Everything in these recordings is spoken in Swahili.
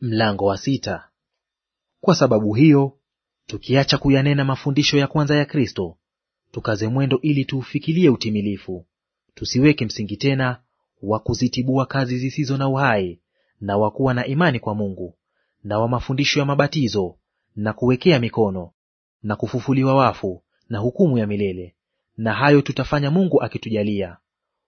mlango wa sita. Kwa sababu hiyo, tukiacha kuyanena mafundisho ya kwanza ya Kristo, tukaze mwendo ili tuufikilie utimilifu, tusiweke msingi tena wa kuzitibua kazi zisizo na uhai na wa kuwa na imani kwa Mungu na wa mafundisho ya mabatizo na kuwekea mikono na kufufuliwa wafu na hukumu ya milele. Na hayo tutafanya Mungu akitujalia.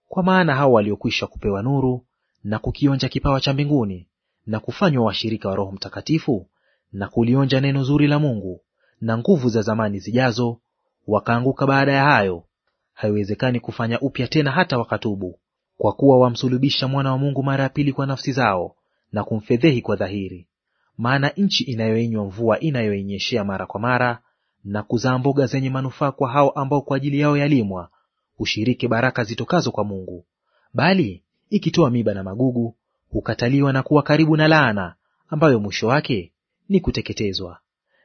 Kwa maana hao waliokwisha kupewa nuru na kukionja kipawa cha mbinguni na kufanywa washirika wa Roho Mtakatifu na kulionja neno zuri la Mungu na nguvu za zamani zijazo, wakaanguka baada ya hayo, haiwezekani kufanya upya tena hata wakatubu, kwa kuwa wamsulubisha mwana wa Mungu mara ya pili kwa nafsi zao na kumfedhehi kwa dhahiri. Maana nchi inayoinywa mvua inayoinyeshea mara kwa mara na kuzaa mboga zenye manufaa kwa hao ambao kwa ajili yao yalimwa, ushiriki baraka zitokazo kwa Mungu. Bali ikitoa miba na magugu, hukataliwa na kuwa karibu na laana, ambayo mwisho wake ni kuteketezwa.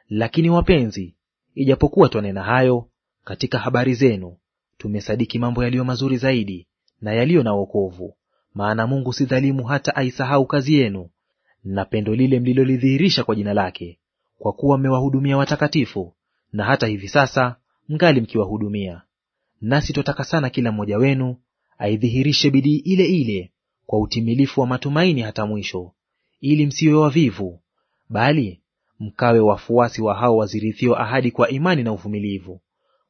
Lakini wapenzi, ijapokuwa twanena hayo, katika habari zenu tumesadiki mambo yaliyo mazuri zaidi na yaliyo na wokovu. Maana Mungu si dhalimu hata aisahau kazi yenu na pendo lile mlilolidhihirisha kwa jina lake, kwa kuwa mmewahudumia watakatifu, na hata hivi sasa mngali mkiwahudumia. Nasi twataka sana kila mmoja wenu aidhihirishe bidii ile ile kwa utimilifu wa matumaini hata mwisho, ili msiwe wavivu, bali mkawe wafuasi wa hao wazirithiwa ahadi kwa imani na uvumilivu.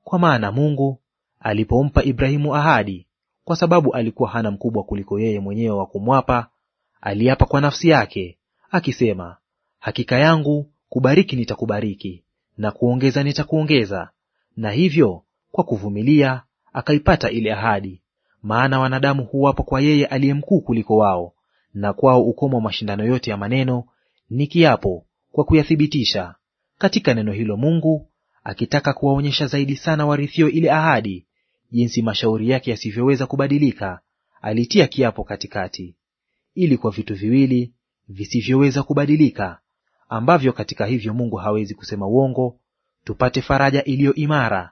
Kwa maana Mungu alipompa Ibrahimu ahadi, kwa sababu alikuwa hana mkubwa kuliko yeye mwenyewe wa kumwapa, aliapa kwa nafsi yake akisema, hakika yangu kubariki nitakubariki, na kuongeza nitakuongeza. Na hivyo kwa kuvumilia akaipata ile ahadi maana wanadamu huwapo kwa yeye aliye mkuu kuliko wao, na kwao ukomo wa mashindano yote ya maneno ni kiapo kwa kuyathibitisha katika neno hilo Mungu akitaka kuwaonyesha zaidi sana warithio ile ahadi, jinsi mashauri yake yasivyoweza kubadilika, alitia kiapo katikati, ili kwa vitu viwili visivyoweza kubadilika, ambavyo katika hivyo Mungu hawezi kusema uongo, tupate faraja iliyo imara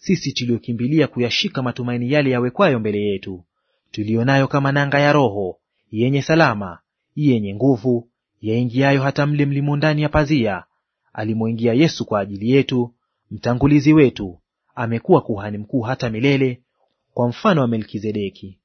sisi tuliyokimbilia kuyashika matumaini yale yawekwayo mbele yetu, tuliyo nayo kama nanga ya Roho, yenye salama, yenye nguvu, yaingiayo hata mle mlimo ndani ya pazia, alimoingia Yesu kwa ajili yetu, mtangulizi wetu, amekuwa kuhani mkuu hata milele, kwa mfano wa Melkizedeki.